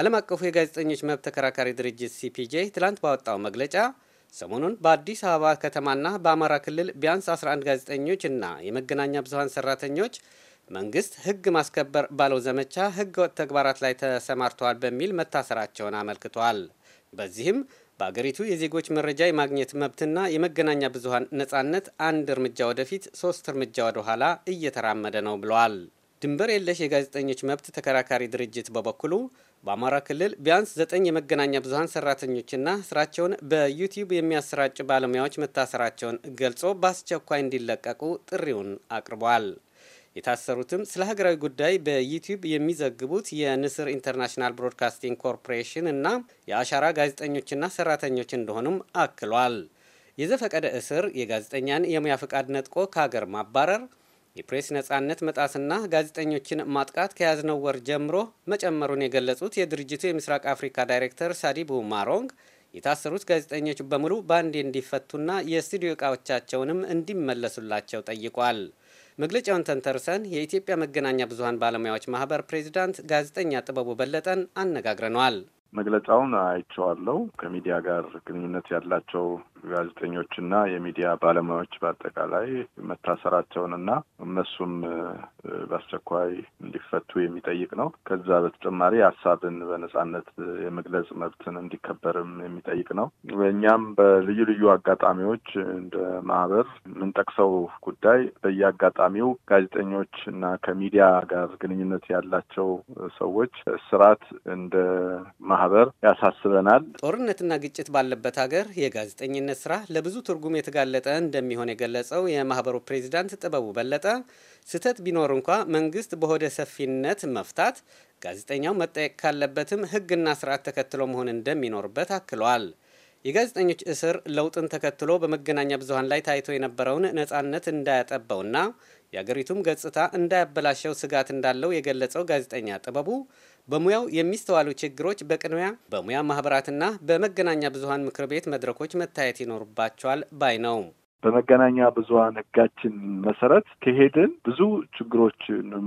ዓለም አቀፉ የጋዜጠኞች መብት ተከራካሪ ድርጅት ሲፒጄ ትላንት ባወጣው መግለጫ ሰሞኑን በአዲስ አበባ ከተማና በአማራ ክልል ቢያንስ 11 ጋዜጠኞች እና የመገናኛ ብዙሀን ሰራተኞች መንግስት ህግ ማስከበር ባለው ዘመቻ ወጥ ተግባራት ላይ ተሰማርተዋል በሚል መታሰራቸውን አመልክቷል። በዚህም በአገሪቱ የዜጎች መረጃ የማግኘት መብትና የመገናኛ ብዙሀን ነጻነት አንድ እርምጃ ወደፊት፣ ሶስት እርምጃ ወደኋላ እየተራመደ ነው ብለዋል። ድንበር የለሽ የጋዜጠኞች መብት ተከራካሪ ድርጅት በበኩሉ በአማራ ክልል ቢያንስ ዘጠኝ የመገናኛ ብዙሀን ሰራተኞችና ስራቸውን በዩቲዩብ የሚያሰራጩ ባለሙያዎች መታሰራቸውን ገልጾ በአስቸኳይ እንዲለቀቁ ጥሪውን አቅርቧል። የታሰሩትም ስለ ሀገራዊ ጉዳይ በዩቲዩብ የሚዘግቡት የንስር ኢንተርናሽናል ብሮድካስቲንግ ኮርፖሬሽን እና የአሻራ ጋዜጠኞችና ሰራተኞች እንደሆኑም አክሏል። የዘፈቀደ እስር የጋዜጠኛን የሙያ ፈቃድ ነጥቆ ከሀገር ማባረር የፕሬስ ነጻነት መጣስና ጋዜጠኞችን ማጥቃት ከያዝነው ወር ጀምሮ መጨመሩን የገለጹት የድርጅቱ የምስራቅ አፍሪካ ዳይሬክተር ሳዲቡ ማሮንግ የታሰሩት ጋዜጠኞች በሙሉ በአንዴ እንዲፈቱና የስቱዲዮ እቃዎቻቸውንም እንዲመለሱላቸው ጠይቋል። መግለጫውን ተንተርሰን የኢትዮጵያ መገናኛ ብዙኃን ባለሙያዎች ማህበር ፕሬዚዳንት ጋዜጠኛ ጥበቡ በለጠን አነጋግረነዋል። መግለጫውን አይቼዋለሁ። ከሚዲያ ጋር ግንኙነት ያላቸው ጋዜጠኞችና የሚዲያ ባለሙያዎች በአጠቃላይ መታሰራቸውንና እነሱም በአስቸኳይ እንዲፈቱ የሚጠይቅ ነው። ከዛ በተጨማሪ ሀሳብን በነጻነት የመግለጽ መብትን እንዲከበርም የሚጠይቅ ነው። እኛም በልዩ ልዩ አጋጣሚዎች እንደ ማህበር የምንጠቅሰው ጉዳይ በየአጋጣሚው ጋዜጠኞች እና ከሚዲያ ጋር ግንኙነት ያላቸው ሰዎች ስርዓት እንደ ማህበር ያሳስበናል። ጦርነትና ግጭት ባለበት ሀገር የጋዜጠኝነት ስራ ለብዙ ትርጉም የተጋለጠ እንደሚሆን የገለጸው የማህበሩ ፕሬዚዳንት ጥበቡ በለጠ ስህተት ቢኖር እንኳ መንግስት በሆደ ሰፊነት መፍታት፣ ጋዜጠኛው መጠየቅ ካለበትም ህግና ስርዓት ተከትሎ መሆን እንደሚኖርበት አክለዋል። የጋዜጠኞች እስር ለውጥን ተከትሎ በመገናኛ ብዙሀን ላይ ታይቶ የነበረውን ነጻነት እንዳያጠበውና የአገሪቱም ገጽታ እንዳያበላሸው ስጋት እንዳለው የገለጸው ጋዜጠኛ ጥበቡ በሙያው የሚስተዋሉ ችግሮች በቅድሚያ በሙያ ማህበራትና በመገናኛ ብዙሀን ምክር ቤት መድረኮች መታየት ይኖርባቸዋል ባይ ነው። በመገናኛ ብዙኃን ህጋችን መሰረት ከሄድን ብዙ ችግሮች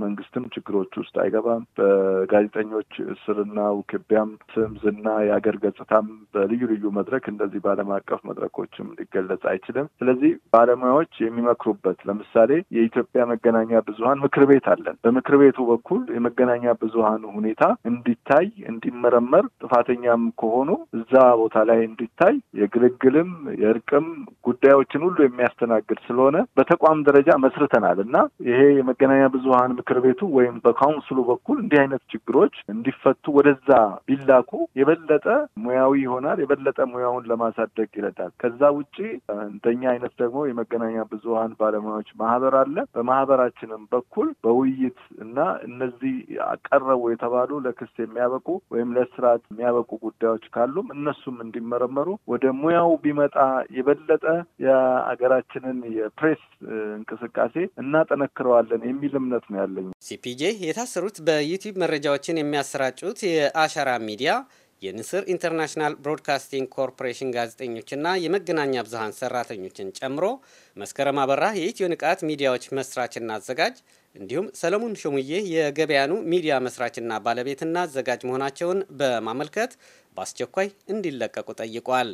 መንግስትም ችግሮች ውስጥ አይገባም። በጋዜጠኞች እስርና ውክቢያም ስም፣ ዝና፣ የሀገር ገጽታም በልዩ ልዩ መድረክ እንደዚህ በዓለም አቀፍ መድረኮችም ሊገለጽ አይችልም። ስለዚህ ባለሙያዎች የሚመክሩበት ለምሳሌ የኢትዮጵያ መገናኛ ብዙሀን ምክር ቤት አለን። በምክር ቤቱ በኩል የመገናኛ ብዙሀን ሁኔታ እንዲታይ፣ እንዲመረመር ጥፋተኛም ከሆኑ እዛ ቦታ ላይ እንዲታይ የግልግልም የእርቅም ጉዳዮችን ሁሉ የሚያስተናግድ ስለሆነ በተቋም ደረጃ መስርተናል እና ይሄ የመገናኛ ብዙሀን ምክር ቤቱ ወይም በካውንስሉ በኩል እንዲህ አይነት ችግሮች እንዲፈቱ ወደዛ ቢላኩ የበለጠ ሙያዊ ይሆናል፣ የበለጠ ሙያውን ለማሳደግ ይረዳል። ከዛ ውጭ እንደኛ አይነት ደግሞ የመገናኛ ብዙሀን ባለሙያዎች ማህበር አለ። በማህበራችንም በኩል በውይይት እና እነዚህ አቀረቡ የተባሉ ለክስ የሚያበቁ ወይም ለስርዓት የሚያበቁ ጉዳዮች ካሉም እነሱም እንዲመረመሩ ወደ ሙያው ቢመጣ የበለጠ የሀገራችንን የፕሬስ እንቅስቃሴ እናጠነክረዋለን የሚል እምነት ነው ያለኝ። ሲፒጄ የታሰሩት በዩቲዩብ መረጃዎችን የሚያሰራጩት የአሻራ ሚዲያ የንስር ኢንተርናሽናል ብሮድካስቲንግ ኮርፖሬሽን ጋዜጠኞችና የመገናኛ ብዙሀን ሰራተኞችን ጨምሮ መስከረም አበራ የኢትዮ ንቃት ሚዲያዎች መስራችና አዘጋጅ እንዲሁም ሰለሞን ሾሙዬ የገበያኑ ሚዲያ መስራችና ባለቤትና አዘጋጅ መሆናቸውን በማመልከት በአስቸኳይ እንዲለቀቁ ጠይቋል።